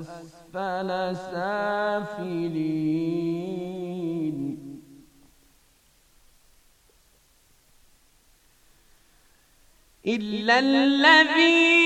أسفل سافلين إلا الذين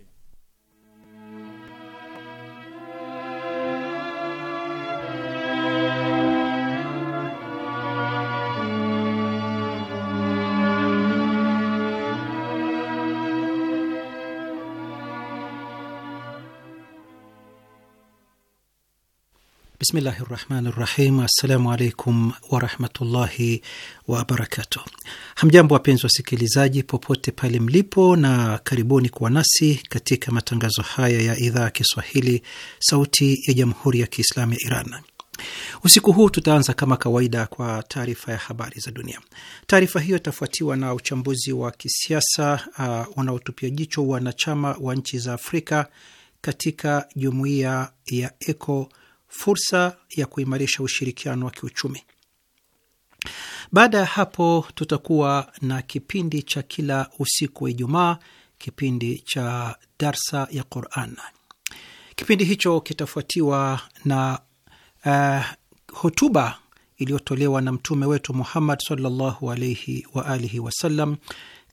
Bismillahi rahmani rahim. Assalamu alaikum warahmatullahi wabarakatuh. Hamjambo wapenzi wasikilizaji popote pale mlipo, na karibuni kuwa nasi katika matangazo haya ya idhaa ya Kiswahili sauti ya jamhuri ya Kiislamu ya Iran. Usiku huu tutaanza kama kawaida kwa taarifa ya habari za dunia. Taarifa hiyo itafuatiwa na uchambuzi wa kisiasa uh, unaotupia jicho wanachama wa nchi za Afrika katika jumuiya ya ECO fursa ya kuimarisha ushirikiano wa kiuchumi. Baada ya hapo, tutakuwa na kipindi cha kila usiku wa Ijumaa, kipindi cha darsa ya Quran. Kipindi hicho kitafuatiwa na uh, hotuba iliyotolewa na mtume wetu Muhammad sallallahu alaihi wa alihi wasallam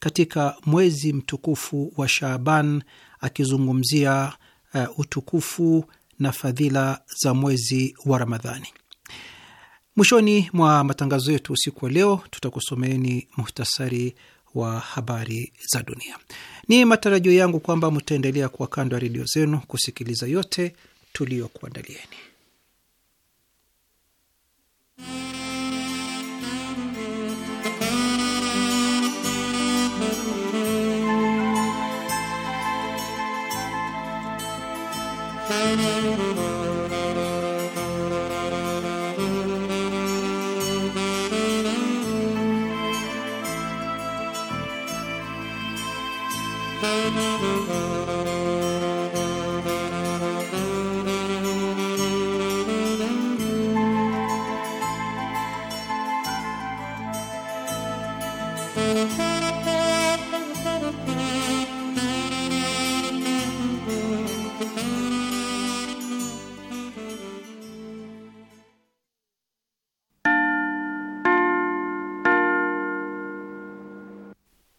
katika mwezi mtukufu wa Shaaban akizungumzia uh, utukufu na fadhila za mwezi wa Ramadhani. Mwishoni mwa matangazo yetu usiku wa leo, tutakusomeeni muhtasari wa habari za dunia. Ni matarajio yangu kwamba mtaendelea kuwa kando ya redio zenu kusikiliza yote tuliyokuandalieni.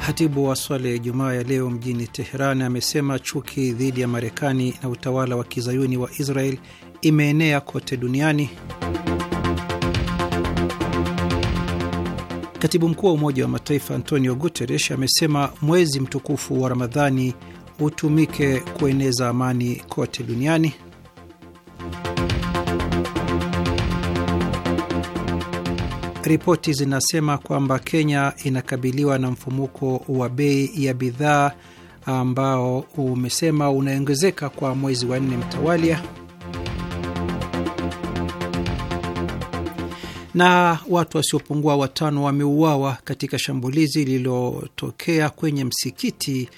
Hatibu wa swala ya Ijumaa ya leo mjini Teheran amesema chuki dhidi ya Marekani na utawala wa kizayuni wa Israel imeenea kote duniani. Katibu mkuu wa Umoja wa Mataifa Antonio Guterres amesema mwezi mtukufu wa Ramadhani utumike kueneza amani kote duniani. Ripoti zinasema kwamba Kenya inakabiliwa na mfumuko wa bei ya bidhaa ambao umesema unaongezeka kwa mwezi wa nne mtawalia, na watu wasiopungua watano wameuawa katika shambulizi lililotokea kwenye msikiti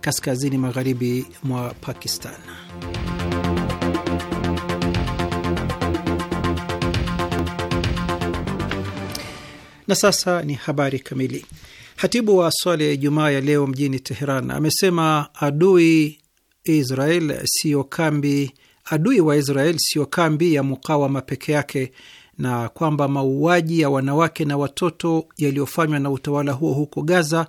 kaskazini magharibi mwa Pakistan. Na sasa ni habari kamili. Hatibu wa swala ya Ijumaa ya leo mjini Teheran amesema adui Israel siyo kambi, adui wa Israel siyo kambi ya mukawama peke yake, na kwamba mauaji ya wanawake na watoto yaliyofanywa na utawala huo huko Gaza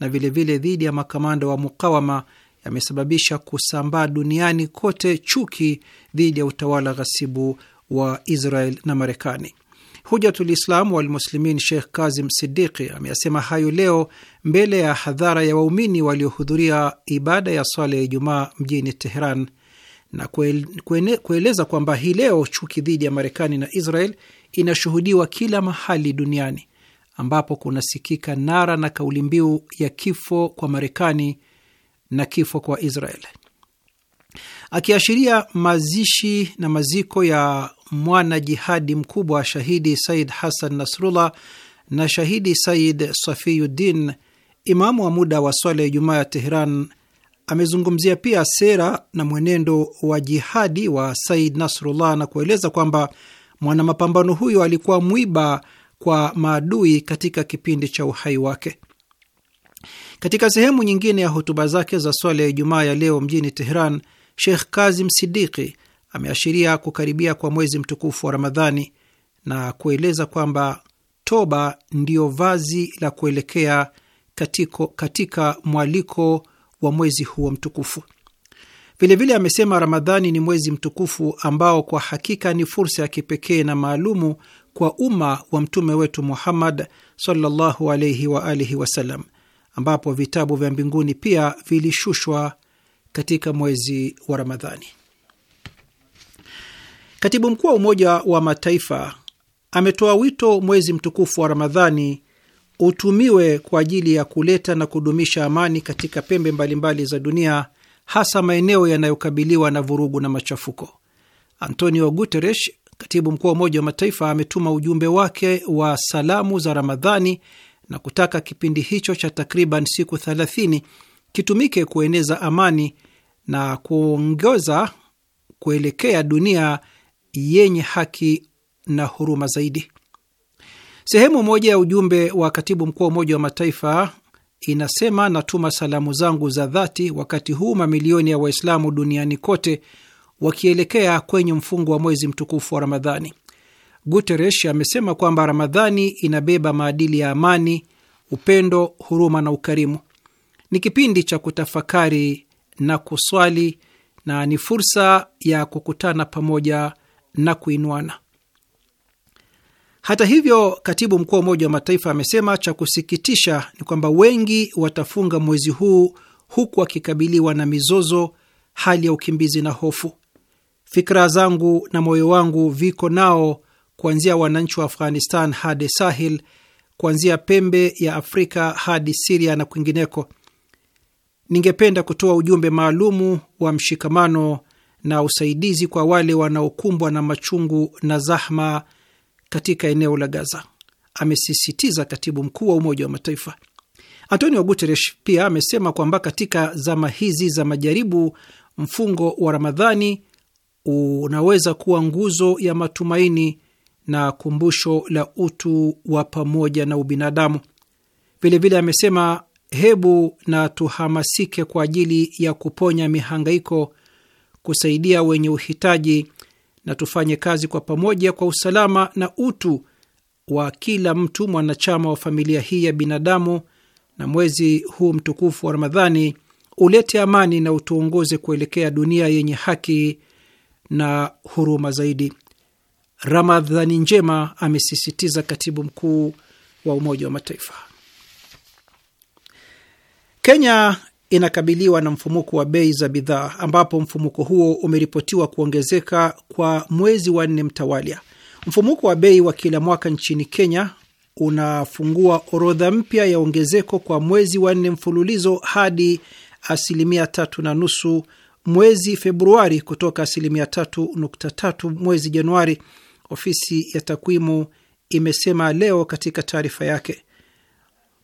na vilevile dhidi ya makamanda wa mukawama yamesababisha kusambaa duniani kote chuki dhidi ya utawala ghasibu wa Israel na Marekani. Hujatul Islam Walmuslimin Sheikh Kazim Sidiki ameyasema hayo leo mbele ya hadhara ya waumini waliohudhuria ibada ya swala ya Ijumaa mjini Teheran na kueleza kwamba hii leo chuki dhidi ya Marekani na Israel inashuhudiwa kila mahali duniani ambapo kunasikika nara na kauli mbiu ya kifo kwa Marekani na kifo kwa Israel. Akiashiria mazishi na maziko ya mwana jihadi mkubwa shahidi Said Hassan Nasrullah na shahidi Said Safiyuddin, imamu wa muda wa swala ya Ijumaa ya Teheran. Amezungumzia pia sera na mwenendo wa jihadi wa Said Nasrullah na kueleza kwamba mwanamapambano huyo alikuwa mwiba kwa maadui katika kipindi cha uhai wake. Katika sehemu nyingine ya hotuba zake za swala ya Ijumaa ya leo mjini Teheran, Sheikh Kazim Sidiki ameashiria kukaribia kwa mwezi mtukufu wa Ramadhani na kueleza kwamba toba ndiyo vazi la kuelekea katiko, katika mwaliko wa mwezi huo mtukufu. Vilevile amesema Ramadhani ni mwezi mtukufu ambao kwa hakika ni fursa ya kipekee na maalumu kwa umma wa mtume wetu Muhammad sallallahu alaihi wa alihi wasallam, ambapo vitabu vya mbinguni pia vilishushwa katika mwezi wa Ramadhani. Katibu mkuu wa Umoja wa Mataifa ametoa wito mwezi mtukufu wa Ramadhani utumiwe kwa ajili ya kuleta na kudumisha amani katika pembe mbalimbali za dunia, hasa maeneo yanayokabiliwa na vurugu na machafuko. Antonio Guterres, katibu mkuu wa Umoja wa Mataifa, ametuma ujumbe wake wa salamu za Ramadhani na kutaka kipindi hicho cha takriban siku 30 kitumike kueneza amani na kuongoza kuelekea dunia yenye haki na huruma zaidi. Sehemu moja ya ujumbe wa katibu mkuu wa Umoja wa Mataifa inasema, natuma salamu zangu za dhati wakati huu mamilioni ya Waislamu duniani kote wakielekea kwenye mfungo wa mwezi mtukufu wa Ramadhani. Guterres amesema kwamba Ramadhani inabeba maadili ya amani, upendo, huruma na ukarimu. Ni kipindi cha kutafakari na kuswali na ni fursa ya kukutana pamoja na kuinuana. Hata hivyo, katibu mkuu wa Umoja wa Mataifa amesema cha kusikitisha ni kwamba wengi watafunga mwezi huu huku wakikabiliwa na mizozo, hali ya ukimbizi na hofu. Fikra zangu na moyo wangu viko nao, kuanzia wananchi wa Afghanistan hadi sahil kuanzia pembe ya Afrika hadi Siria na kwingineko. Ningependa kutoa ujumbe maalumu wa mshikamano na usaidizi kwa wale wanaokumbwa na machungu na zahma katika eneo la Gaza, amesisitiza katibu mkuu wa Umoja wa Mataifa. Antonio Guterres pia amesema kwamba katika zama hizi za majaribu, mfungo wa Ramadhani unaweza kuwa nguzo ya matumaini na kumbusho la utu wa pamoja na ubinadamu. Vilevile amesema hebu na tuhamasike kwa ajili ya kuponya mihangaiko kusaidia wenye uhitaji, na tufanye kazi kwa pamoja kwa usalama na utu wa kila mtu mwanachama wa familia hii ya binadamu, na mwezi huu mtukufu wa Ramadhani ulete amani na utuongoze kuelekea dunia yenye haki na huruma zaidi. Ramadhani njema, amesisitiza katibu mkuu wa Umoja wa Mataifa. Kenya inakabiliwa na mfumuko wa bei za bidhaa ambapo mfumuko huo umeripotiwa kuongezeka kwa mwezi wa nne mtawalia. Mfumuko wa bei wa kila mwaka nchini Kenya unafungua orodha mpya ya ongezeko kwa mwezi wa nne mfululizo hadi asilimia tatu na nusu mwezi Februari kutoka asilimia tatu nukta tatu mwezi Januari, ofisi ya takwimu imesema leo katika taarifa yake.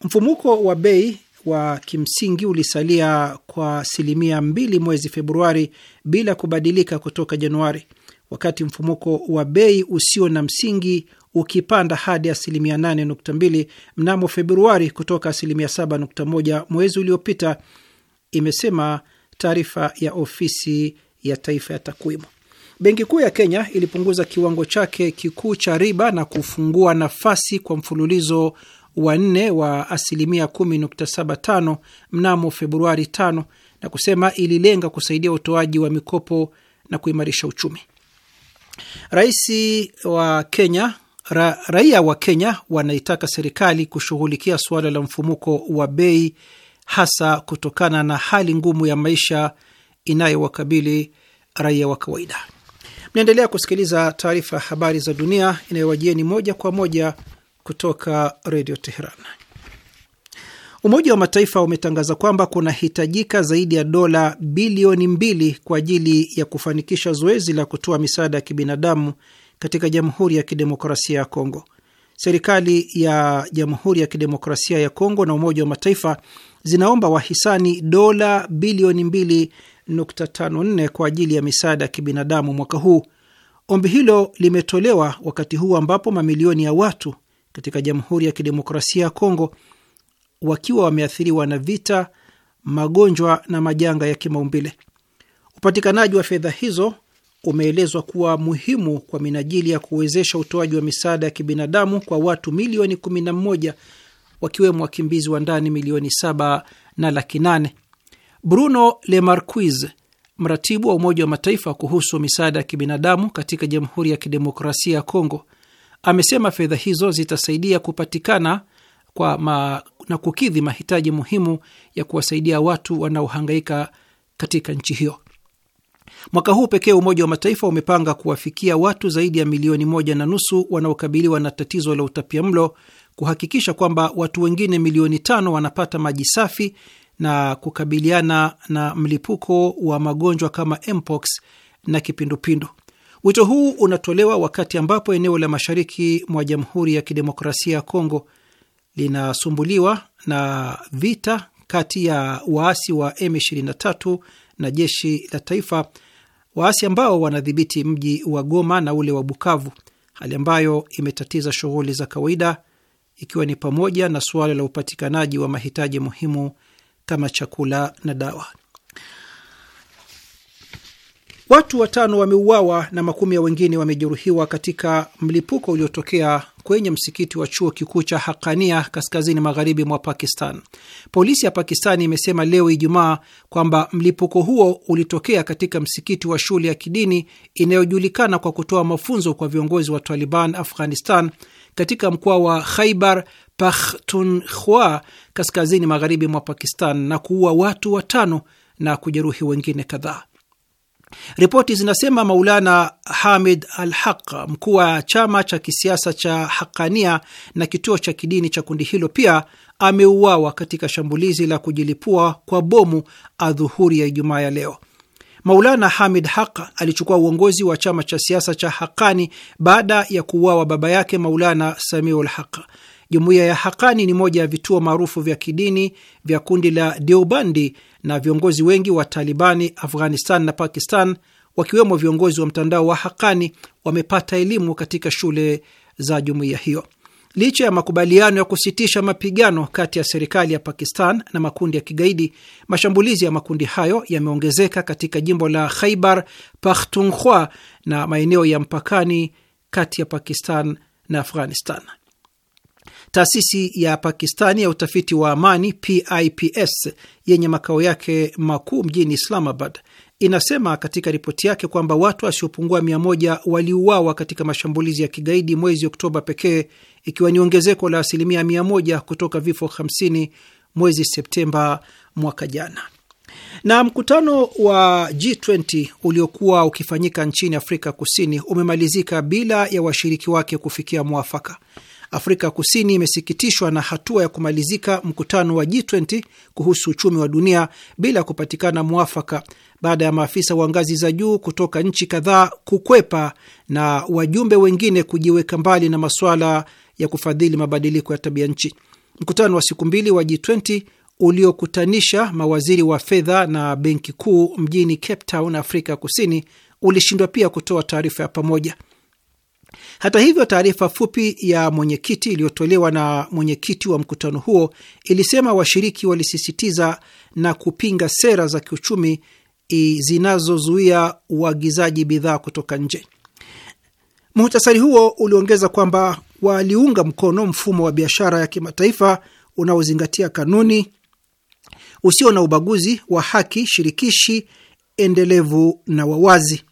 Mfumuko wa bei wa kimsingi ulisalia kwa asilimia mbili mwezi Februari bila kubadilika kutoka Januari, wakati mfumuko wa bei usio na msingi ukipanda hadi asilimia 8.2 mnamo Februari kutoka asilimia 7.1 mwezi uliopita, imesema taarifa ya ofisi ya taifa ya takwimu. Benki Kuu ya Kenya ilipunguza kiwango chake kikuu cha riba na kufungua nafasi kwa mfululizo wanne wa asilimia 10.75 mnamo Februari 5 na kusema ililenga kusaidia utoaji wa mikopo na kuimarisha uchumi. Rais wa Kenya ra, raia wa Kenya wanaitaka serikali kushughulikia suala la mfumuko wa bei hasa kutokana na hali ngumu ya maisha inayowakabili raia wa kawaida. Mnaendelea kusikiliza taarifa ya habari za dunia inayowajieni moja kwa moja kutoka Redio Teheran. Umoja wa Mataifa umetangaza kwamba kunahitajika zaidi ya dola bilioni mbili kwa ajili ya kufanikisha zoezi la kutoa misaada ya kibinadamu katika Jamhuri ya Kidemokrasia ya Kongo. Serikali ya Jamhuri ya Kidemokrasia ya Kongo na Umoja wa Mataifa zinaomba wahisani dola bilioni 2.54 kwa ajili ya misaada ya kibinadamu mwaka huu. Ombi hilo limetolewa wakati huu ambapo mamilioni ya watu katika Jamhuri ya Kidemokrasia ya Kongo wakiwa wameathiriwa na vita, magonjwa na majanga ya kimaumbile. Upatikanaji wa fedha hizo umeelezwa kuwa muhimu kwa minajili ya kuwezesha utoaji wa misaada ya kibinadamu kwa watu milioni 11 wakiwemo wakimbizi wa ndani milioni 7 na laki 8. Bruno Lemarquis, mratibu wa Umoja wa Mataifa kuhusu misaada ya kibinadamu katika Jamhuri ya Kidemokrasia ya Kongo, Amesema fedha hizo zitasaidia kupatikana kwa ma, na kukidhi mahitaji muhimu ya kuwasaidia watu wanaohangaika katika nchi hiyo. Mwaka huu pekee Umoja wa Mataifa umepanga kuwafikia watu zaidi ya milioni moja na nusu wanaokabiliwa na tatizo la utapia mlo kuhakikisha kwamba watu wengine milioni tano wanapata maji safi na kukabiliana na mlipuko wa magonjwa kama mpox na kipindupindu. Wito huu unatolewa wakati ambapo eneo la mashariki mwa Jamhuri ya Kidemokrasia ya Kongo linasumbuliwa na vita kati ya waasi wa M23 na jeshi la taifa, waasi ambao wanadhibiti mji wa Goma na ule wa Bukavu, hali ambayo imetatiza shughuli za kawaida, ikiwa ni pamoja na suala la upatikanaji wa mahitaji muhimu kama chakula na dawa. Watu watano wameuawa na makumi ya wengine wamejeruhiwa katika mlipuko uliotokea kwenye msikiti wa chuo kikuu cha Hakania kaskazini magharibi mwa Pakistan. Polisi ya Pakistani imesema leo Ijumaa kwamba mlipuko huo ulitokea katika msikiti wa shule ya kidini inayojulikana kwa kutoa mafunzo kwa viongozi wa Taliban Afghanistan katika mkoa wa Khaibar Pakhtunkhwa kaskazini magharibi mwa Pakistan na kuua watu watano na kujeruhi wengine kadhaa. Ripoti zinasema Maulana Hamid Al Haq, mkuu wa chama cha kisiasa cha Haqania na kituo cha kidini cha kundi hilo, pia ameuawa katika shambulizi la kujilipua kwa bomu adhuhuri ya Ijumaa ya leo. Maulana Hamid Haq alichukua uongozi wa chama cha siasa cha Haqani baada ya kuuawa baba yake Maulana Samiul Haq. Jumuiya ya Haqani ni moja ya vituo maarufu vya kidini vya kundi la Deobandi na viongozi wengi wa Talibani Afghanistan na Pakistan, wakiwemo viongozi wa mtandao wa Hakani, wamepata elimu katika shule za jumuiya hiyo. Licha ya makubaliano ya kusitisha mapigano kati ya serikali ya Pakistan na makundi ya kigaidi, mashambulizi ya makundi hayo yameongezeka katika jimbo la Khaibar Pakhtunkhwa na maeneo ya mpakani kati ya Pakistan na Afghanistan. Taasisi ya Pakistani ya utafiti wa amani PIPS yenye makao yake makuu mjini Islamabad inasema katika ripoti yake kwamba watu wasiopungua mia moja waliuawa katika mashambulizi ya kigaidi mwezi Oktoba pekee, ikiwa ni ongezeko la asilimia mia moja kutoka vifo 50 mwezi Septemba mwaka jana. Na mkutano wa G20 uliokuwa ukifanyika nchini Afrika Kusini umemalizika bila ya washiriki wake kufikia mwafaka. Afrika Kusini imesikitishwa na hatua ya kumalizika mkutano wa G20 kuhusu uchumi wa dunia bila kupatikana mwafaka baada ya maafisa wa ngazi za juu kutoka nchi kadhaa kukwepa na wajumbe wengine kujiweka mbali na masuala ya kufadhili mabadiliko ya tabia nchi. Mkutano wa siku mbili wa G20 uliokutanisha mawaziri wa fedha na benki kuu mjini Cape Town, Afrika Kusini, ulishindwa pia kutoa taarifa ya pamoja. Hata hivyo, taarifa fupi ya mwenyekiti iliyotolewa na mwenyekiti wa mkutano huo ilisema washiriki walisisitiza na kupinga sera za kiuchumi zinazozuia uagizaji bidhaa kutoka nje. Muhtasari huo uliongeza kwamba waliunga mkono mfumo wa biashara ya kimataifa unaozingatia kanuni, usio na ubaguzi, wa haki, shirikishi, endelevu na wawazi.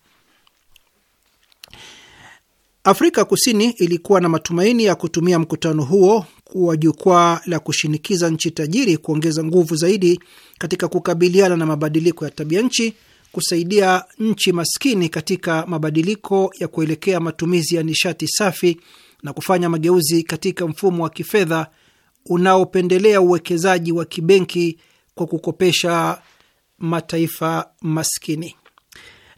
Afrika Kusini ilikuwa na matumaini ya kutumia mkutano huo kuwa jukwaa la kushinikiza nchi tajiri kuongeza nguvu zaidi katika kukabiliana na mabadiliko ya tabia nchi, kusaidia nchi maskini katika mabadiliko ya kuelekea matumizi ya nishati safi na kufanya mageuzi katika mfumo wa kifedha unaopendelea uwekezaji wa kibenki kwa kukopesha mataifa maskini.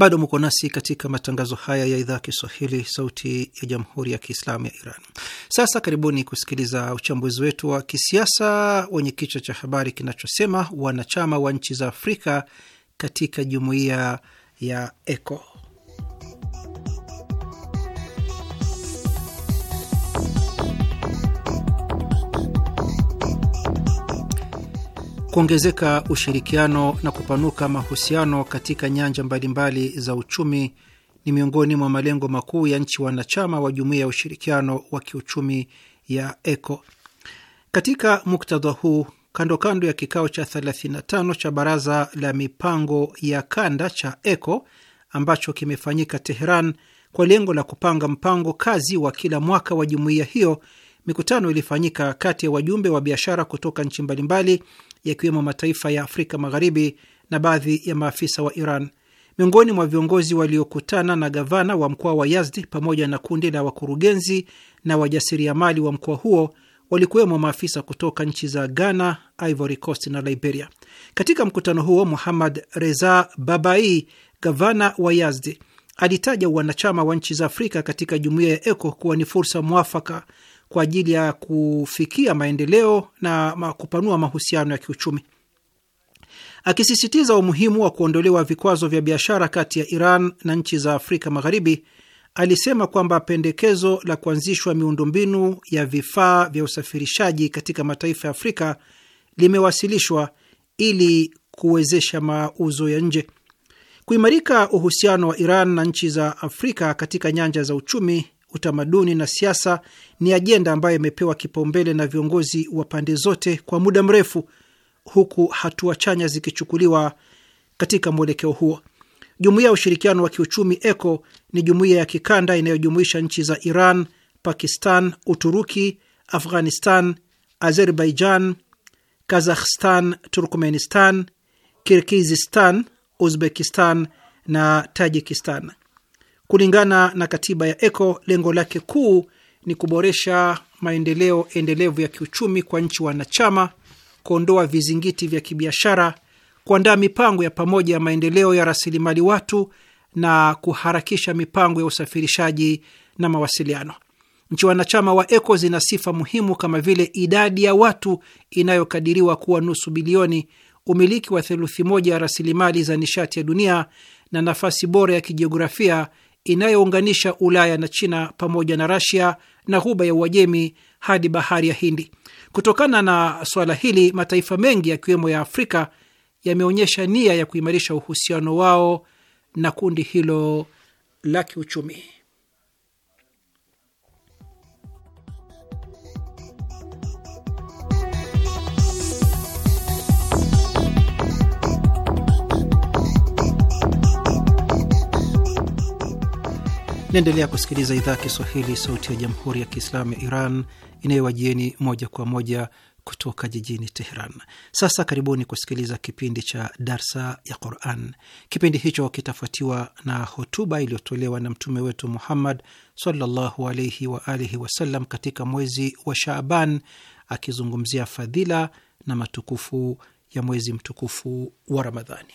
Bado muko nasi katika matangazo haya ya idhaa Kiswahili, sauti ya jamhuri ya kiislamu ya Iran. Sasa karibuni kusikiliza uchambuzi wetu wa kisiasa wenye kichwa cha habari kinachosema wanachama wa nchi za Afrika katika jumuiya ya ECO. kuongezeka ushirikiano na kupanuka mahusiano katika nyanja mbalimbali za uchumi ni miongoni mwa malengo makuu ya nchi wanachama wa jumuiya ya ushirikiano wa kiuchumi ya ECO. Katika muktadha huu, kando kando ya kikao cha 35 cha baraza la mipango ya kanda cha ECO ambacho kimefanyika Teheran kwa lengo la kupanga mpango kazi wa kila mwaka wa jumuiya hiyo Mikutano ilifanyika kati ya wajumbe wa biashara kutoka nchi mbalimbali yakiwemo mataifa ya Afrika Magharibi na baadhi ya maafisa wa Iran. Miongoni mwa viongozi waliokutana na gavana wa mkoa wa Yazdi pamoja na kundi la wakurugenzi na wajasiriamali wa mkoa huo walikuwemo maafisa kutoka nchi za Ghana, Ivory Coast na Liberia. Katika mkutano huo, Muhammad Reza Babai, gavana wa Yazdi, alitaja wanachama wa nchi za Afrika katika jumuiya ya ECO kuwa ni fursa mwafaka kwa ajili ya kufikia maendeleo na kupanua mahusiano ya kiuchumi. Akisisitiza umuhimu wa kuondolewa vikwazo vya biashara kati ya Iran na nchi za Afrika Magharibi, alisema kwamba pendekezo la kuanzishwa miundombinu ya vifaa vya usafirishaji katika mataifa ya Afrika limewasilishwa ili kuwezesha mauzo ya nje. Kuimarika uhusiano wa Iran na nchi za Afrika katika nyanja za uchumi, utamaduni na siasa ni ajenda ambayo imepewa kipaumbele na viongozi wa pande zote kwa muda mrefu, huku hatua chanya zikichukuliwa katika mwelekeo huo. Jumuiya ya ushirikiano wa kiuchumi ECO ni jumuiya ya kikanda inayojumuisha nchi za Iran, Pakistan, Uturuki, Afghanistan, Azerbaijan, Kazakhstan, Turkmenistan, Kirgizistan, Uzbekistan na Tajikistan. Kulingana na katiba ya ECO, lengo lake kuu ni kuboresha maendeleo endelevu ya kiuchumi kwa nchi wanachama, kuondoa vizingiti vya kibiashara, kuandaa mipango ya pamoja ya maendeleo ya rasilimali watu na kuharakisha mipango ya usafirishaji na mawasiliano. Nchi wanachama wa ECO zina sifa muhimu kama vile idadi ya watu inayokadiriwa kuwa nusu bilioni, umiliki wa theluthi moja ya rasilimali za nishati ya dunia na nafasi bora ya kijiografia inayounganisha Ulaya na China pamoja na Rasia na ghuba ya Uajemi hadi bahari ya Hindi. Kutokana na suala hili, mataifa mengi yakiwemo ya Afrika yameonyesha nia ya kuimarisha uhusiano wao na kundi hilo la kiuchumi. Naendelea kusikiliza idhaa ya Kiswahili, sauti ya jamhuri ya kiislamu ya Iran inayowajieni moja kwa moja kutoka jijini Teheran. Sasa karibuni kusikiliza kipindi cha darsa ya Quran. Kipindi hicho kitafuatiwa na hotuba iliyotolewa na mtume wetu Muhammad sallallahu alaihi wa alihi wasallam katika mwezi wa Shaaban, akizungumzia fadhila na matukufu ya mwezi mtukufu wa Ramadhani.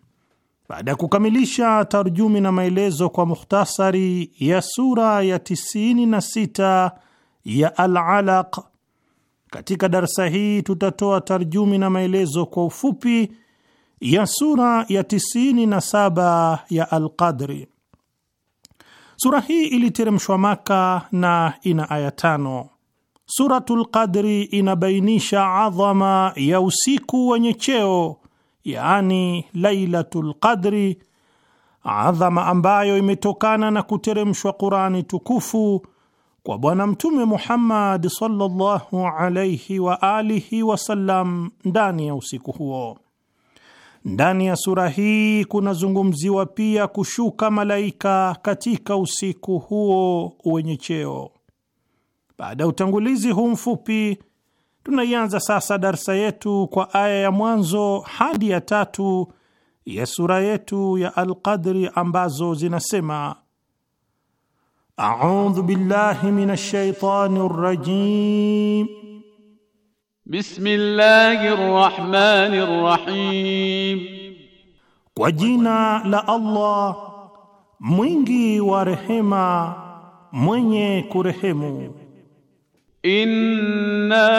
baada ya kukamilisha tarjumi na maelezo kwa mukhtasari ya sura ya 96 ya Al-Alaq, katika darsa hii tutatoa tarjumi na maelezo kwa ufupi ya sura ya 97 ya Al-Qadri. Sura hii iliteremshwa Maka na ina aya tano. Suratul Qadri inabainisha adhama ya usiku wenye cheo yaani Lailatul Qadri, adhama ambayo imetokana na kuteremshwa Qurani tukufu kwa Bwana Mtume Muhammad sallallahu alayhi wa alihi wasallam ndani ya usiku huo. Ndani ya sura hii kunazungumziwa pia kushuka malaika katika usiku huo wenye cheo. Baada ya utangulizi huu mfupi Tunaianza sasa darsa yetu kwa aya ya mwanzo hadi ya tatu ya sura yetu ya Alqadri ambazo zinasema: audhu billahi minash shaitani rrajim, bismillahi rahmani rahim, kwa jina la Allah mwingi wa rehema mwenye kurehemu. إنا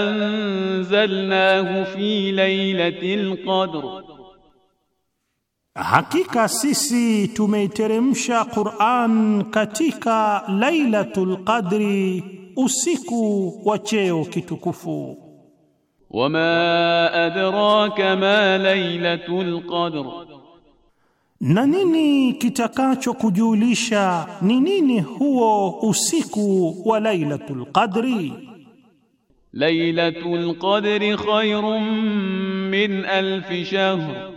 أنزلناه في ليلة القدر Hakika sisi tumeiteremsha Qur'an katika Lailatul Qadri usiku wa cheo kitukufu. Wama adraka ma Lailatul Qadr Na nini kitakachokujulisha ni nini huo usiku wa Lailatul Qadri? Lailatul Qadri khairun min alf shahr,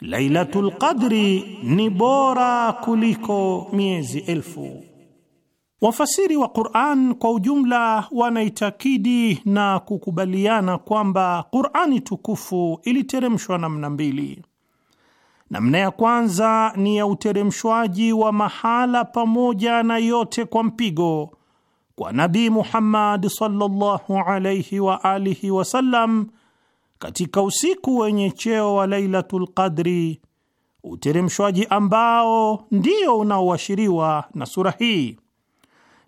Lailatul Qadri ni bora kuliko miezi elfu. Wafasiri wa Qur'an kwa ujumla wanaitakidi na kukubaliana kwamba Qur'ani tukufu iliteremshwa namna mbili Namna ya kwanza ni ya uteremshwaji wa mahala pamoja na yote kwa mpigo kwa Nabii Muhammad sallallahu alayhi wa alihi wasallam katika usiku wenye cheo wa Lailatul Qadri, uteremshwaji ambao ndio unaoashiriwa na sura hii.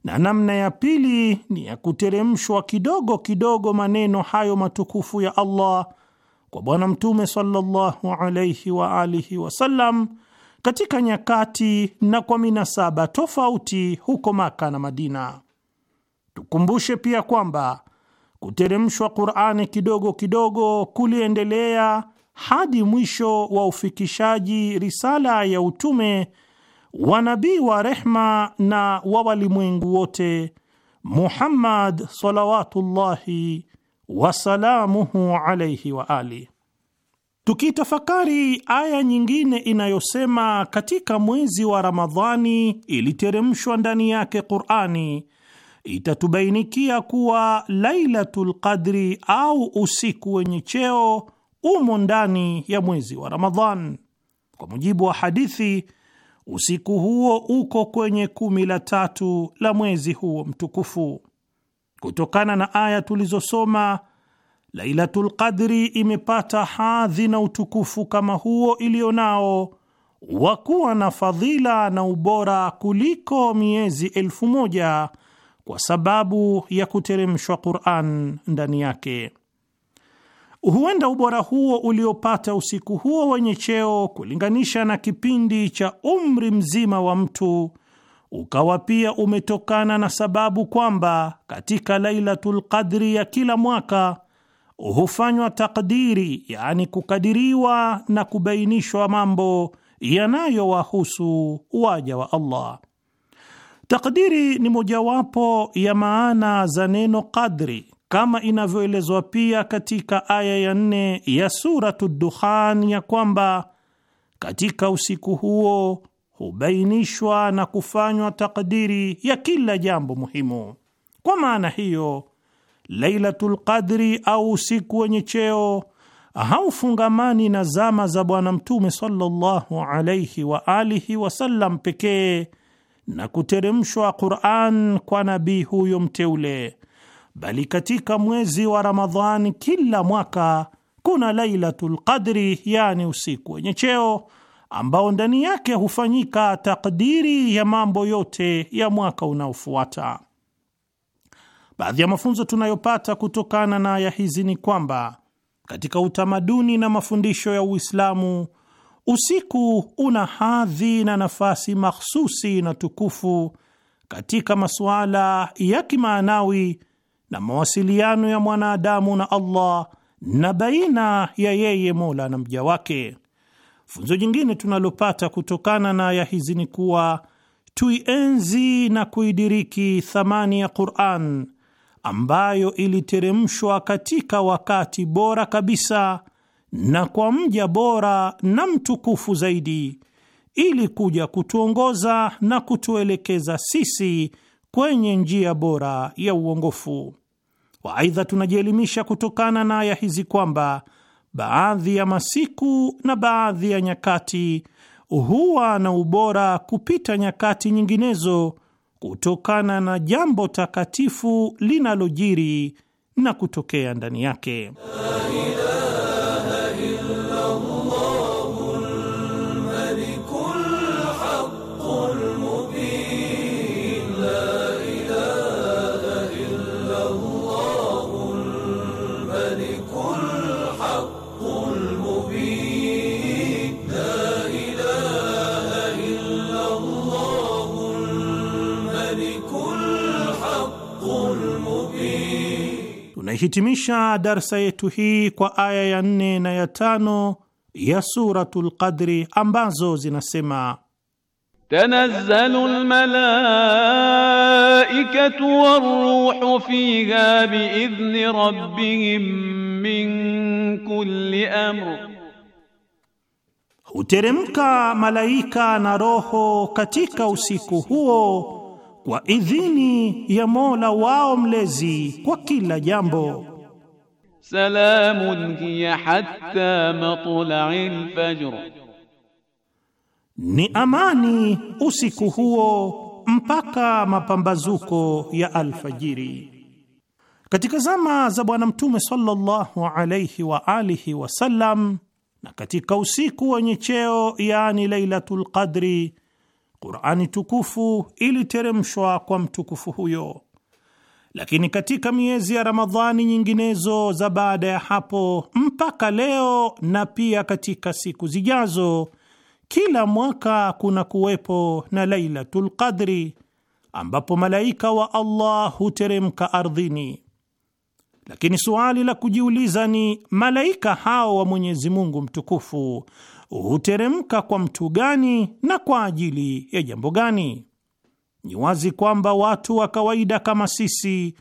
Na namna ya pili ni ya kuteremshwa kidogo kidogo maneno hayo matukufu ya Allah kwa Bwana Mtume sallallahu alaihi wa alihi wasallam katika nyakati na kwa minasaba tofauti huko Maka na Madina. Tukumbushe pia kwamba kuteremshwa Qur'ani kidogo kidogo kuliendelea hadi mwisho wa ufikishaji risala ya utume wa nabii wa rehma na wa walimwengu wote Muhammad salawatullahi wasalamuhu alaihi wa ali. Tukitafakari aya nyingine inayosema katika mwezi wa Ramadhani iliteremshwa ndani yake Qur'ani, itatubainikia kuwa Lailatul Qadri au usiku wenye cheo umo ndani ya mwezi wa Ramadhan. Kwa mujibu wa hadithi, usiku huo uko kwenye kumi la tatu la mwezi huo mtukufu. Kutokana na aya tulizosoma, Lailatul Qadri imepata hadhi na utukufu kama huo iliyo nao wa kuwa na fadhila na ubora kuliko miezi elfu moja kwa sababu ya kuteremshwa Qur'an ndani yake. Huenda ubora huo uliopata usiku huo wenye cheo kulinganisha na kipindi cha umri mzima wa mtu ukawa pia umetokana na sababu kwamba katika Lailatul Qadri ya kila mwaka hufanywa takdiri, yaani kukadiriwa na kubainishwa mambo yanayowahusu waja wa Allah. Takdiri ni mojawapo ya maana za neno qadri kama inavyoelezwa pia katika aya ya nne ya Suratu Dukhan ya kwamba katika usiku huo hubainishwa na kufanywa takdiri ya kila jambo muhimu. Kwa maana hiyo, Lailatul Qadri au usiku wenye cheo haufungamani na zama za Bwana Mtume sallallahu alaihi wa alihi wasallam pekee na kuteremshwa Qur'an kwa nabii huyo mteule, bali katika mwezi wa Ramadhani kila mwaka kuna Lailatul Qadri, yani usiku wenye cheo ambao ndani yake hufanyika takdiri ya mambo yote ya mwaka unaofuata. Baadhi ya mafunzo tunayopata kutokana na aya hizi ni kwamba katika utamaduni na mafundisho ya Uislamu, usiku una hadhi na nafasi mahsusi na tukufu katika masuala ya kimaanawi na mawasiliano ya mwanadamu na Allah na baina ya yeye Mola na mja wake. Funzo jingine tunalopata kutokana na aya hizi ni kuwa tuienzi na kuidiriki thamani ya Qur'an ambayo iliteremshwa katika wakati bora kabisa na kwa mja bora na mtukufu zaidi ili kuja kutuongoza na kutuelekeza sisi kwenye njia bora ya uongofu. Waaidha, tunajielimisha kutokana na aya hizi kwamba baadhi ya masiku na baadhi ya nyakati huwa na ubora kupita nyakati nyinginezo kutokana na jambo takatifu linalojiri na kutokea ndani yake. Tunaihitimisha darsa yetu hii kwa aya ya nne na ya tano ya Suratul Qadri ambazo zinasema: tanazzalu lmalaikatu waruhu fiha biidhni rabbihim min kulli amr, huteremka malaika na roho katika usiku huo kwa idhini ya Mola wao mlezi kwa kila jambo. Salamun hiya hatta matla'il fajr, ni amani usiku huo mpaka mapambazuko ya alfajiri. Katika zama za Bwana Mtume sallallahu alayhi wa alihi wasallam, na katika usiku wenye cheo, yani Lailatul Qadri Qur'ani tukufu iliteremshwa kwa mtukufu huyo, lakini katika miezi ya Ramadhani nyinginezo za baada ya hapo mpaka leo na pia katika siku zijazo, kila mwaka kuna kuwepo na Lailatul Qadri ambapo malaika wa Allah huteremka ardhini lakini suali la kujiuliza ni malaika hao wa Mwenyezi Mungu mtukufu huteremka kwa mtu gani na kwa ajili ya jambo gani? Ni wazi kwamba watu wa kawaida kama sisi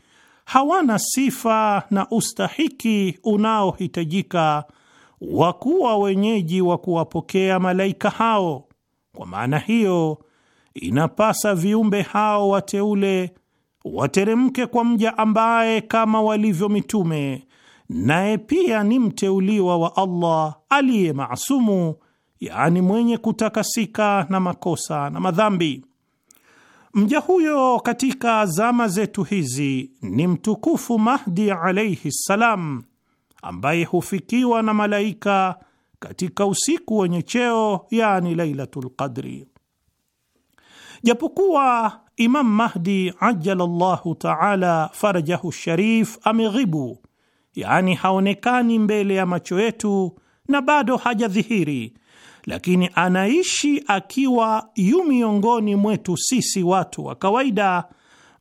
hawana sifa na ustahiki unaohitajika wa kuwa wenyeji wa kuwapokea malaika hao. Kwa maana hiyo, inapasa viumbe hao wateule wateremke kwa mja ambaye kama walivyo mitume naye pia ni mteuliwa wa Allah aliye maasumu, yaani mwenye kutakasika na makosa na madhambi. Mja huyo katika zama zetu hizi ni mtukufu Mahdi alaihi ssalam, ambaye hufikiwa na malaika katika usiku wenye cheo, yani Lailatul Qadri, japokuwa Imam Mahdi ajalallahu taala farajahu sharif ameghibu, yaani haonekani mbele ya macho yetu na bado hajadhihiri, lakini anaishi akiwa yu miongoni mwetu sisi watu wa kawaida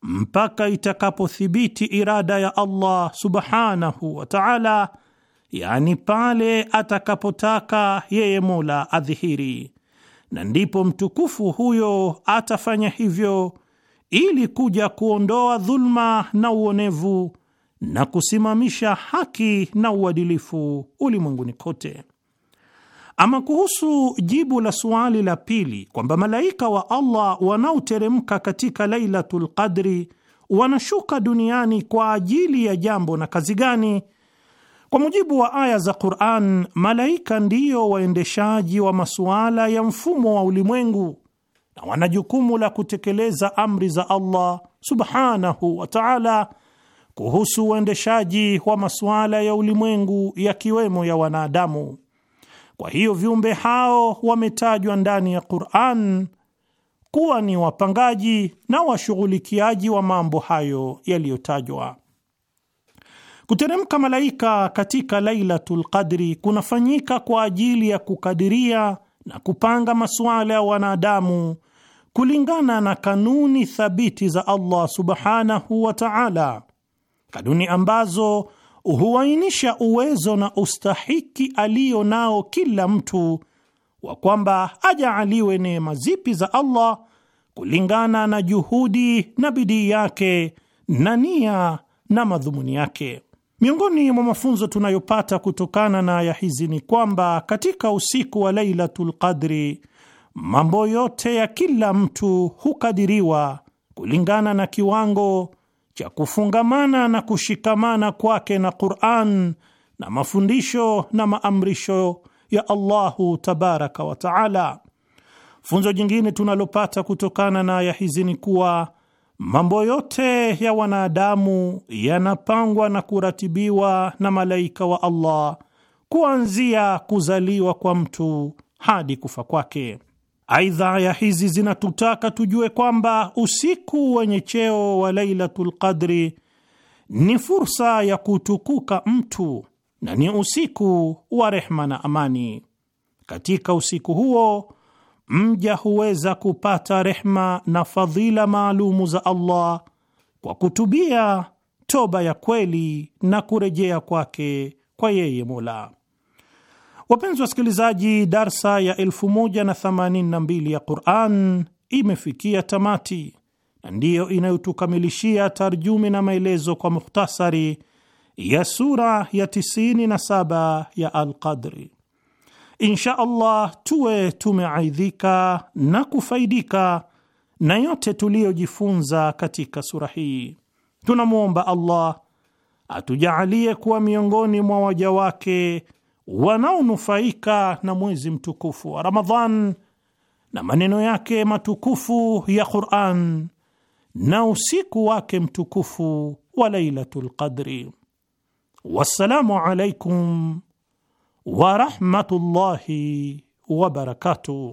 mpaka itakapothibiti irada ya Allah subhanahu wa taala, yaani pale atakapotaka yeye Mola adhihiri, na ndipo mtukufu huyo atafanya hivyo ili kuja kuondoa dhulma na uonevu na kusimamisha haki na uadilifu ulimwenguni kote. Ama kuhusu jibu la suali la pili kwamba malaika wa Allah wanaoteremka katika Lailatul Qadri wanashuka duniani kwa ajili ya jambo na kazi gani? Kwa mujibu wa aya za Qur'an, malaika ndiyo waendeshaji wa masuala ya mfumo wa ulimwengu na wana jukumu la kutekeleza amri za Allah subhanahu wa ta'ala kuhusu uendeshaji wa masuala ya ulimwengu yakiwemo ya wanadamu. Kwa hiyo viumbe hao wametajwa ndani ya Qur'an kuwa ni wapangaji na washughulikiaji wa mambo hayo yaliyotajwa. Kuteremka malaika katika Lailatul Qadri kunafanyika kwa ajili ya kukadiria na kupanga masuala ya wanadamu kulingana na kanuni thabiti za Allah subhanahu wa ta'ala, kanuni ambazo huainisha uwezo na ustahiki aliyo nao kila mtu wa kwamba ajaaliwe neema zipi za Allah kulingana na juhudi na bidii yake na nia na madhumuni yake. Miongoni mwa mafunzo tunayopata kutokana na aya hizi ni kwamba katika usiku wa Lailatul Qadri mambo yote ya kila mtu hukadiriwa kulingana na kiwango cha kufungamana na kushikamana kwake na Qur'an na mafundisho na maamrisho ya Allahu tabaraka wa taala. Funzo jingine tunalopata kutokana na aya hizi ni kuwa mambo yote ya wanadamu yanapangwa na kuratibiwa na malaika wa Allah kuanzia kuzaliwa kwa mtu hadi kufa kwake. Aidha, aya hizi zinatutaka tujue kwamba usiku wenye cheo wa Lailatul Qadri ni fursa ya kutukuka mtu na ni usiku wa rehma na amani. Katika usiku huo mja huweza kupata rehma na fadhila maalumu za Allah kwa kutubia toba ya kweli na kurejea kwake kwa yeye Mola. Wapenzi wasikilizaji, darsa ya 1082 ya Quran imefikia tamati na ndiyo inayotukamilishia tarjumi na maelezo kwa mukhtasari ya sura ya 97 ya Alqadri. Insha Allah tuwe tumeaidhika na kufaidika na yote tuliyojifunza katika sura hii. Tunamwomba Allah atujaalie kuwa miongoni mwa waja wake wanaonufaika na mwezi mtukufu wa Ramadhan na maneno yake matukufu ya Qur'an na usiku wake mtukufu wa Lailatul Qadri. Wassalamu alaikum wa rahmatullahi wa barakatuh.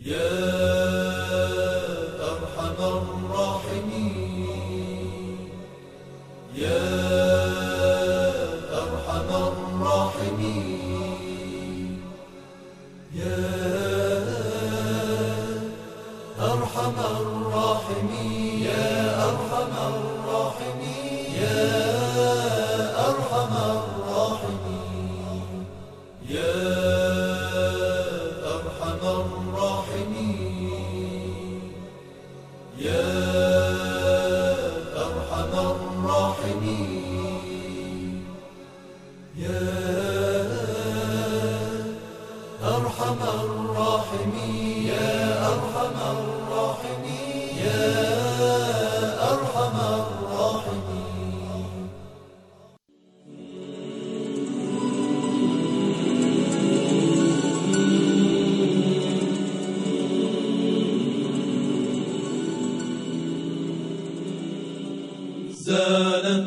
زالا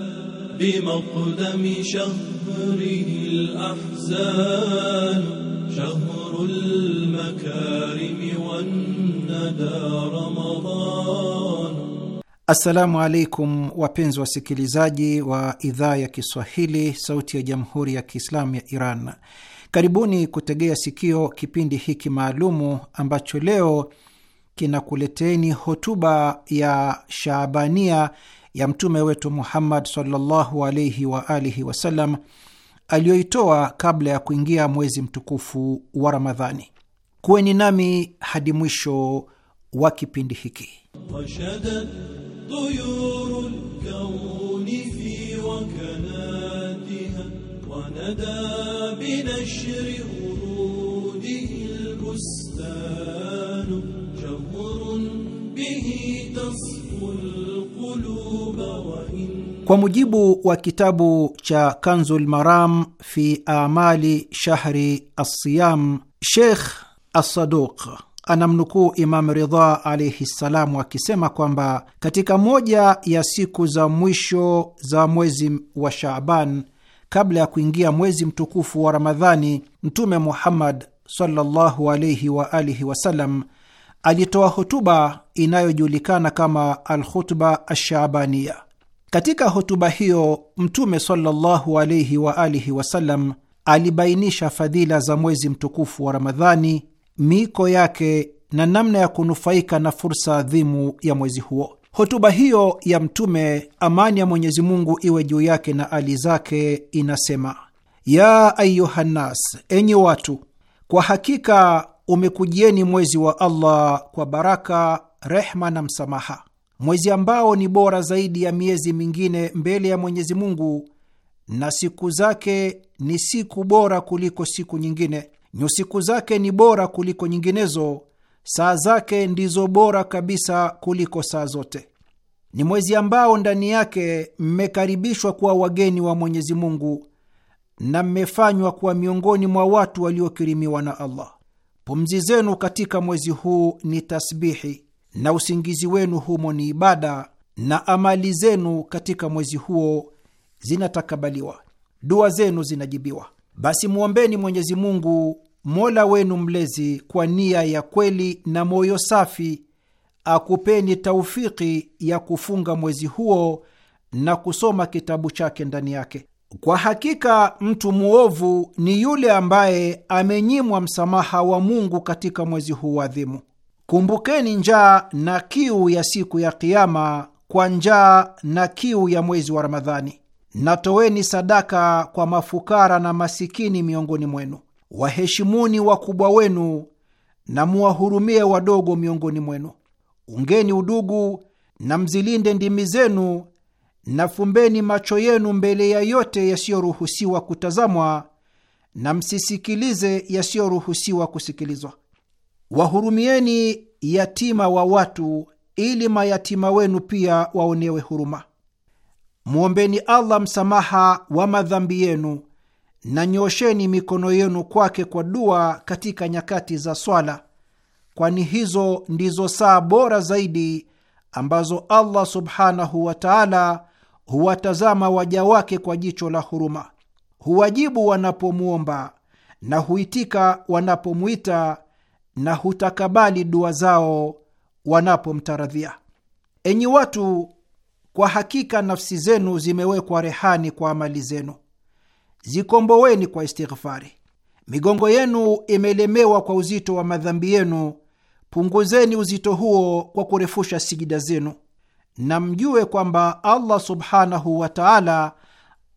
بمقدم شهره الأحزان شهر المكارم والندى رمضان Assalamu alaikum wapenzi wasikilizaji wa idhaa ya Kiswahili sauti ya Jamhuri ya Kiislamu ya Iran. Karibuni kutegea sikio kipindi hiki maalumu ambacho leo kinakuleteni hotuba ya Shaabania ya mtume wetu Muhammad sallallahu alaihi wa alihi wasallam aliyoitoa kabla ya kuingia mwezi mtukufu wa Ramadhani. Kuweni nami hadi mwisho wa kipindi hiki. Kwa mujibu wa kitabu cha Kanzul Maram fi amali shahri assiyam, Sheikh Assaduq anamnukuu Imam Ridha alaihi ssalam akisema kwamba katika moja ya siku za mwisho za mwezi wa Shaaban kabla ya kuingia mwezi mtukufu wa Ramadhani, Mtume Muhammad sallallahu alaihi wa alihi wasallam alitoa hotuba inayojulikana kama Alkhutba Ashabania. Katika hotuba hiyo Mtume sallallahu alaihi wa alihi wasallam alibainisha fadhila za mwezi mtukufu wa Ramadhani, miiko yake na namna ya kunufaika na fursa adhimu ya mwezi huo. Hotuba hiyo ya Mtume, amani ya Mwenyezi Mungu iwe juu yake na ali zake, inasema: ya ayuhannas, enyi watu, kwa hakika umekujieni mwezi wa Allah kwa baraka, rehma na msamaha, mwezi ambao ni bora zaidi ya miezi mingine mbele ya Mwenyezi Mungu, na siku zake ni siku bora kuliko siku nyingine, nyusiku zake ni bora kuliko nyinginezo, saa zake ndizo bora kabisa kuliko saa zote. Ni mwezi ambao ndani yake mmekaribishwa kuwa wageni wa Mwenyezi Mungu na mmefanywa kuwa miongoni mwa watu waliokirimiwa na Allah. Pumzi zenu katika mwezi huu ni tasbihi, na usingizi wenu humo ni ibada, na amali zenu katika mwezi huo zinatakabaliwa, dua zenu zinajibiwa. Basi mwombeni Mwenyezi Mungu mola wenu mlezi kwa nia ya kweli na moyo safi, akupeni taufiki ya kufunga mwezi huo na kusoma kitabu chake ndani yake kwa hakika mtu mwovu ni yule ambaye amenyimwa msamaha wa Mungu katika mwezi huu adhimu. Kumbukeni njaa na kiu ya siku ya Kiama kwa njaa na kiu ya mwezi wa Ramadhani, natoeni sadaka kwa mafukara na masikini miongoni mwenu. Waheshimuni wakubwa wenu na muwahurumie wadogo miongoni mwenu. Ungeni udugu na mzilinde ndimi zenu na fumbeni macho yenu mbele ya yote yasiyoruhusiwa kutazamwa na msisikilize yasiyoruhusiwa kusikilizwa. Wahurumieni yatima wa watu ili mayatima wenu pia waonewe huruma. Mwombeni Allah msamaha wa madhambi yenu na nyosheni mikono yenu kwake kwa dua katika nyakati za swala, kwani hizo ndizo saa bora zaidi ambazo Allah subhanahu wa taala huwatazama waja wake kwa jicho la huruma, huwajibu wanapomwomba na huitika wanapomwita na hutakabali dua zao wanapomtaradhia. Enyi watu, kwa hakika nafsi zenu zimewekwa rehani kwa amali zenu, zikomboweni kwa istighfari. Migongo yenu imelemewa kwa uzito wa madhambi yenu, punguzeni uzito huo kwa kurefusha sijida zenu na mjue kwamba Allah subhanahu wa taala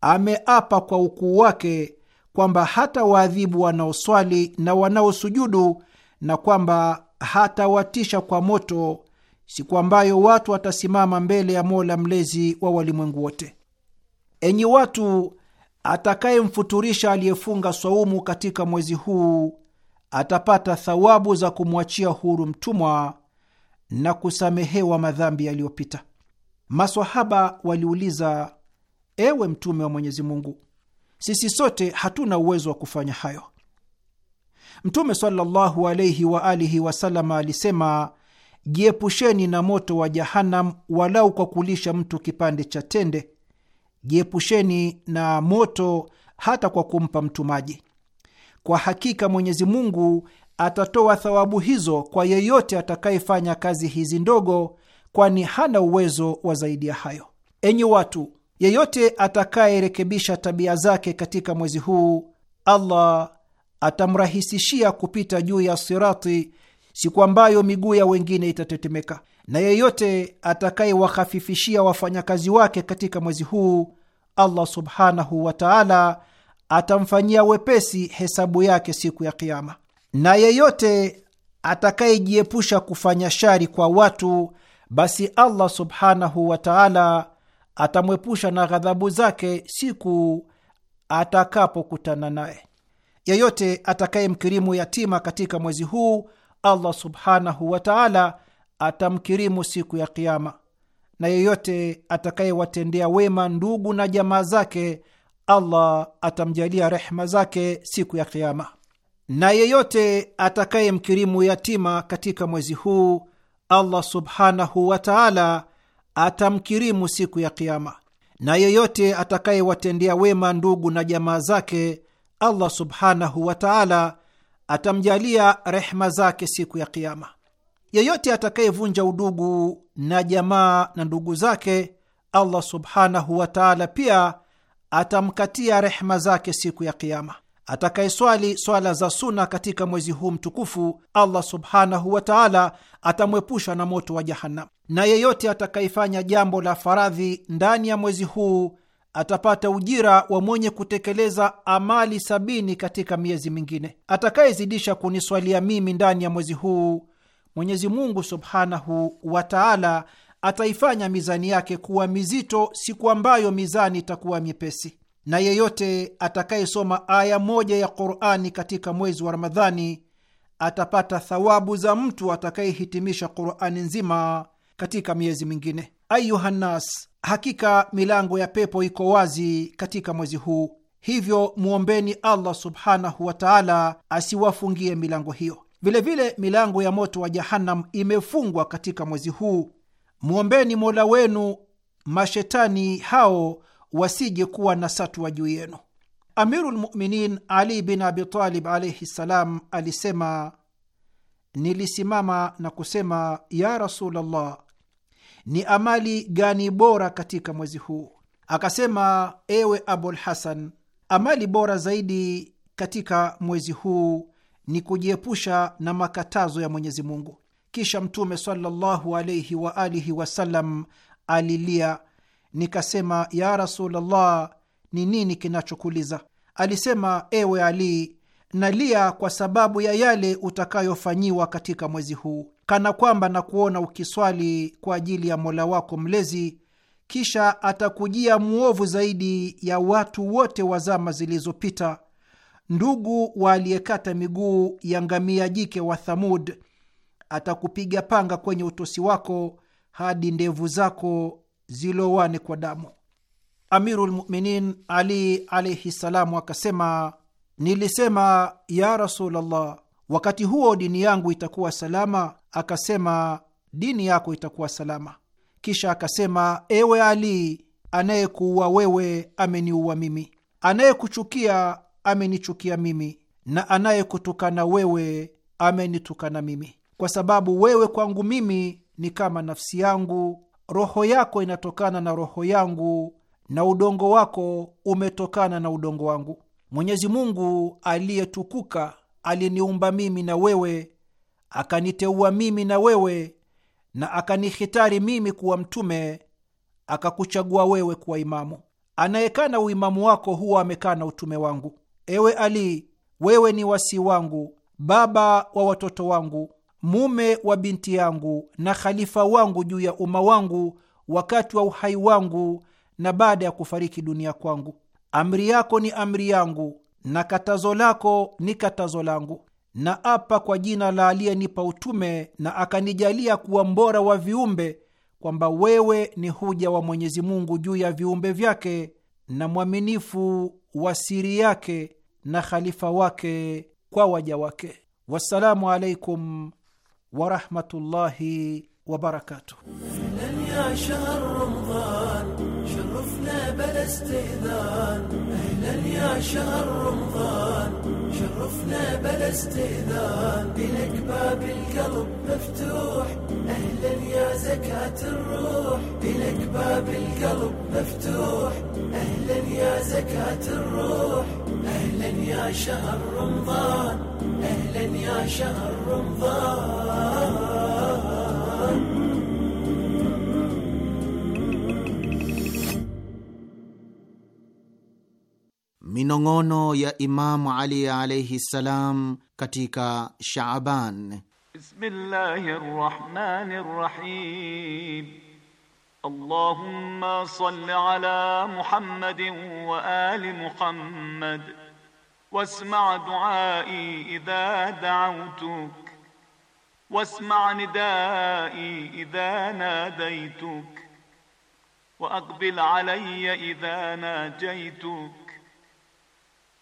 ameapa kwa ukuu wake kwamba hata waadhibu wanaoswali na wanaosujudu na kwamba hatawatisha kwa moto siku ambayo watu watasimama mbele ya Mola mlezi wa walimwengu wote. Enyi watu, atakayemfuturisha aliyefunga swaumu katika mwezi huu atapata thawabu za kumwachia huru mtumwa na kusamehewa madhambi yaliyopita. Maswahaba waliuliza, ewe Mtume wa Mwenyezi Mungu, sisi sote hatuna uwezo wa kufanya hayo. Mtume sallallahu alaihi wa alihi alisema, jiepusheni na moto wa Jahanam walau kwa kulisha mtu kipande cha tende. Jiepusheni na moto hata kwa kumpa mtu maji. Kwa hakika Mwenyezi Mungu atatoa thawabu hizo kwa yeyote atakayefanya kazi hizi ndogo kwani hana uwezo wa zaidi ya hayo. Enyi watu, yeyote atakayerekebisha tabia zake katika mwezi huu, Allah atamrahisishia kupita juu ya sirati siku ambayo miguu ya wengine itatetemeka, na yeyote atakayewahafifishia wafanyakazi wake katika mwezi huu, Allah subhanahu wa taala atamfanyia wepesi hesabu yake siku ya Kiama. Na yeyote atakayejiepusha kufanya shari kwa watu basi Allah subhanahu wa taala atamwepusha na ghadhabu zake siku atakapokutana naye. Yeyote atakayemkirimu yatima katika mwezi huu, Allah subhanahu wa taala atamkirimu siku ya Kiama, na yeyote atakayewatendea wema ndugu na jamaa zake, Allah atamjalia rehma zake siku ya Kiama. Na yeyote atakayemkirimu yatima katika mwezi huu Allah subhanahu wa taala atamkirimu siku ya Kiama, na yeyote atakayewatendea wema ndugu na jamaa zake Allah subhanahu wa taala atamjalia rehma zake siku ya Kiama. Yeyote atakayevunja udugu na jamaa na ndugu zake Allah subhanahu wa taala pia atamkatia rehma zake siku ya Kiama. Atakayeswali swala za suna katika mwezi huu mtukufu, Allah subhanahu wa taala atamwepusha na moto wa Jahannam. Na yeyote atakayefanya jambo la faradhi ndani ya mwezi huu atapata ujira wa mwenye kutekeleza amali sabini katika miezi mingine. Atakayezidisha kuniswalia mimi ndani ya mwezi huu, Mwenyezi Mungu subhanahu wa taala ataifanya mizani yake kuwa mizito siku ambayo mizani itakuwa myepesi. Na yeyote atakayesoma aya moja ya Qurani katika mwezi wa Ramadhani atapata thawabu za mtu atakayehitimisha Qurani nzima katika miezi mingine. Ayuhannas, hakika milango ya pepo iko wazi katika mwezi huu, hivyo mwombeni Allah subhanahu wa taala asiwafungie milango hiyo. Vilevile milango ya moto wa Jahannam imefungwa katika mwezi huu. Mwombeni mola wenu mashetani hao wasije kuwa na satwa juu yenu amirulmuminin Ali bin Abitalib alaihi ssalam alisema, nilisimama na kusema ya Rasulullah, ni amali gani bora katika mwezi huu? Akasema, ewe Abul Hasan, amali bora zaidi katika mwezi huu ni kujiepusha na makatazo ya Mwenyezi Mungu. Kisha Mtume sallallahu alaihi wa alihi wasallam alilia, nikasema ya Rasulullah, ni nini kinachokuliza? alisema, ewe Ali, nalia kwa sababu ya yale utakayofanyiwa katika mwezi huu, kana kwamba na kuona ukiswali kwa ajili ya Mola wako Mlezi, kisha atakujia mwovu zaidi ya watu wote wa zama zilizopita, ndugu wa aliyekata miguu ya ngamia jike wa Thamud. Atakupiga panga kwenye utosi wako hadi ndevu zako zilowane kwa damu. Amirulmuminin Ali alaihi ssalamu akasema, nilisema ya Rasulullah, wakati huo dini yangu itakuwa salama? Akasema, dini yako itakuwa salama. Kisha akasema, ewe Ali, anayekuua wewe ameniua mimi, anayekuchukia amenichukia mimi, na anayekutukana wewe amenitukana mimi, kwa sababu wewe kwangu mimi ni kama nafsi yangu, roho yako inatokana na roho yangu na udongo wako umetokana na udongo wangu. Mwenyezi Mungu aliyetukuka aliniumba mimi na wewe, akaniteua mimi na wewe, na akanihitari mimi kuwa mtume, akakuchagua wewe kuwa imamu. Anayekana uimamu wako huwa amekana utume wangu. Ewe Ali, wewe ni wasii wangu, baba wa watoto wangu, mume wa binti yangu, na khalifa wangu juu ya umma wangu wakati wa uhai wangu na baada ya kufariki dunia kwangu. Amri yako ni amri yangu na katazo lako ni katazo langu. Na apa kwa jina la aliyenipa utume na akanijalia kuwa mbora wa viumbe, kwamba wewe ni huja wa Mwenyezi Mungu juu ya viumbe vyake na mwaminifu wa siri yake na khalifa wake kwa waja wake. Wassalamu alaikum warahmatullahi wabarakatuh. بلا استئذان اهلا يا شهر رمضان شرفنا بلا استئذان بلك باب القلب مفتوح اهلا يا زكاة الروح بلك باب القلب مفتوح اهلا يا زكاة الروح اهلا يا شهر رمضان اهلا يا شهر رمضان minong'ono ya Imamu Ali alaihi ssalam katika Shaaban. Bismillahir Rahmanir rahim. Allahumma salli ala Muhammadin wa ali Muhammad wasma duai idha da'autuk wasma nidai idha nadaituk wa aqbil alayya idha najaituk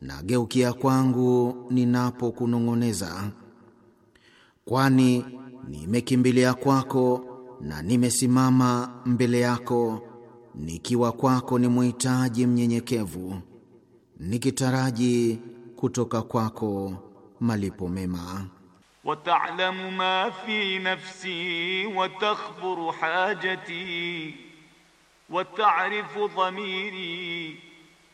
nageukia kwangu ninapokunong'oneza, kwani nimekimbilia kwako na nimesimama mbele yako nikiwa kwako ni mwhitaji mnyenyekevu, nikitaraji kutoka kwako malipo mema. wataalamu ma fi nafsi wa takhburu hajati wa ta'rifu dhamiri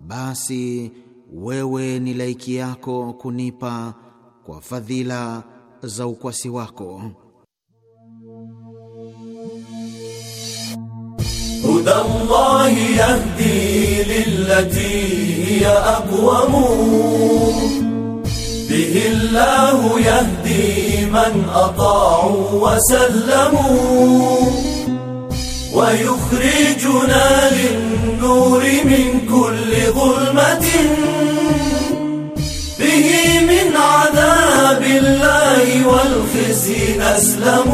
basi wewe ni laiki yako kunipa kwa fadhila za ukwasi wako. huda yahdi lillati hiya aqwamu bihi yahdi man ata'u wa sallamu ويخرجنا للنور من كل ظلمة به من عذاب الله والخزي أسلم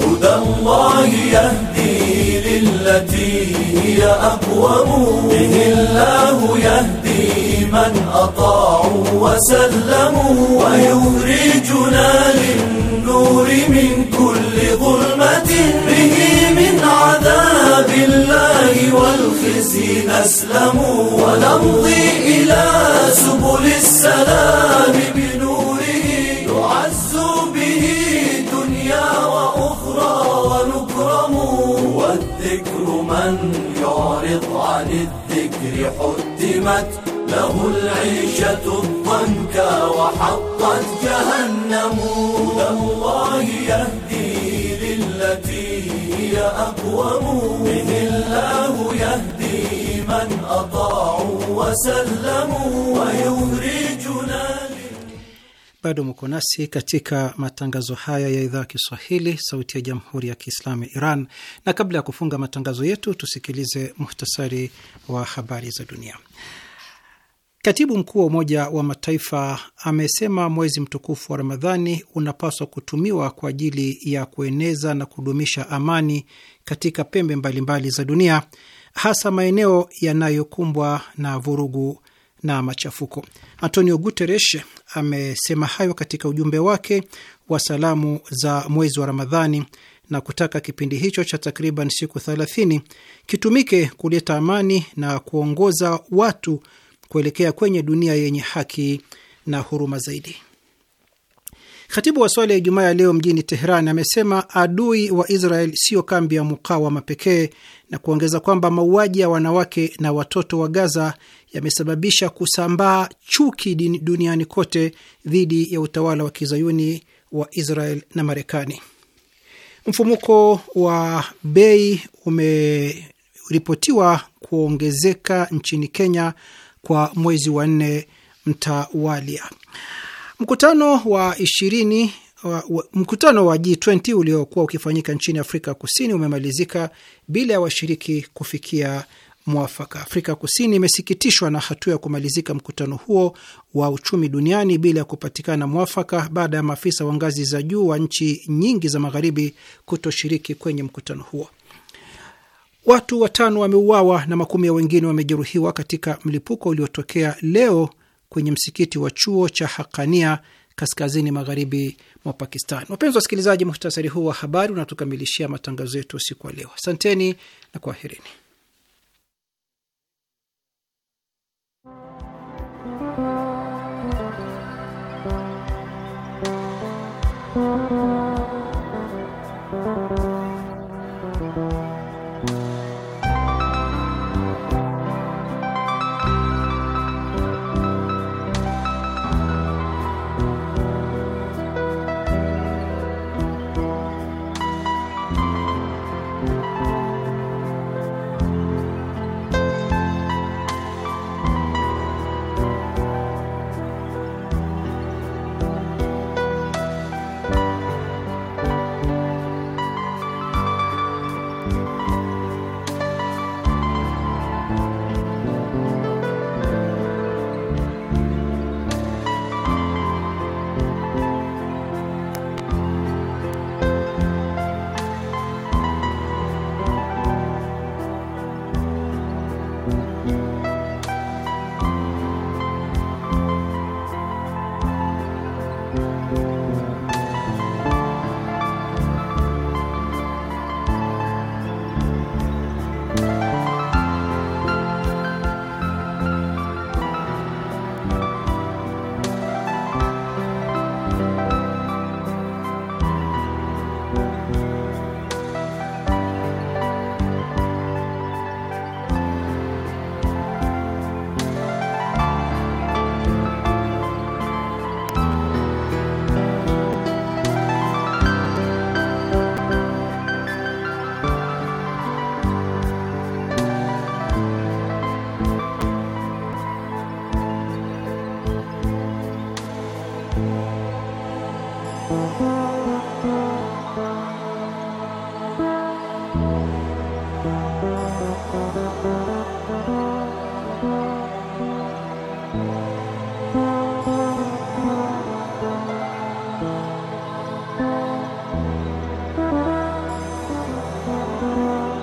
هدى الله يهدي للتي هي أقوم به الله يهدي من أطاعوا وسلموا ويخرجنا للنور النور من كل ظلمة به من عذاب الله والخزي نسلم ونمضي إلى سبل السلام بنوره نعز به دنيا وأخرى ونكرم والذكر من يعرض عن الذكر حتمت له العيشة الضنكا وحطت جهنم الله يهدي للتي هي أقوم به الله يهدي من أطاعوا وسلموا ويخرجنا bado mko nasi katika matangazo haya ya idhaa ya Kiswahili, sauti ya jamhuri ya kiislamu ya Iran. Na kabla ya kufunga matangazo yetu, tusikilize muhtasari wa habari za dunia. Katibu mkuu wa Umoja wa Mataifa amesema mwezi mtukufu wa Ramadhani unapaswa kutumiwa kwa ajili ya kueneza na kudumisha amani katika pembe mbalimbali za dunia, hasa maeneo yanayokumbwa na vurugu na machafuko. Antonio Guterres amesema hayo katika ujumbe wake wa salamu za mwezi wa Ramadhani na kutaka kipindi hicho cha takriban siku 30 kitumike kuleta amani na kuongoza watu kuelekea kwenye dunia yenye haki na huruma zaidi. Khatibu wa swala ya Ijumaa ya leo mjini Teheran amesema adui wa Israel siyo kambi ya mukawama pekee, na kuongeza kwamba mauaji ya wanawake na watoto wa Gaza yamesababisha kusambaa chuki duniani kote dhidi ya utawala wa kizayuni wa Israel na Marekani. Mfumuko wa bei umeripotiwa kuongezeka nchini Kenya kwa mwezi wa nne mtawalia. Mkutano wa ishirini wa, wa, mkutano wa G20 uliokuwa ukifanyika nchini Afrika Kusini umemalizika bila ya washiriki kufikia mwafaka. Afrika Kusini imesikitishwa na hatua ya kumalizika mkutano huo wa uchumi duniani bila ya kupatikana mwafaka baada ya maafisa wa ngazi za juu wa nchi nyingi za magharibi kutoshiriki kwenye mkutano huo. Watu watano wameuawa na makumi ya wengine wamejeruhiwa katika mlipuko uliotokea leo kwenye msikiti wa chuo cha Hakania kaskazini magharibi mwa Pakistan. Wapenzi wasikilizaji, muhtasari huu wa habari unatukamilishia matangazo yetu usiku wa leo. Asanteni na kwaherini.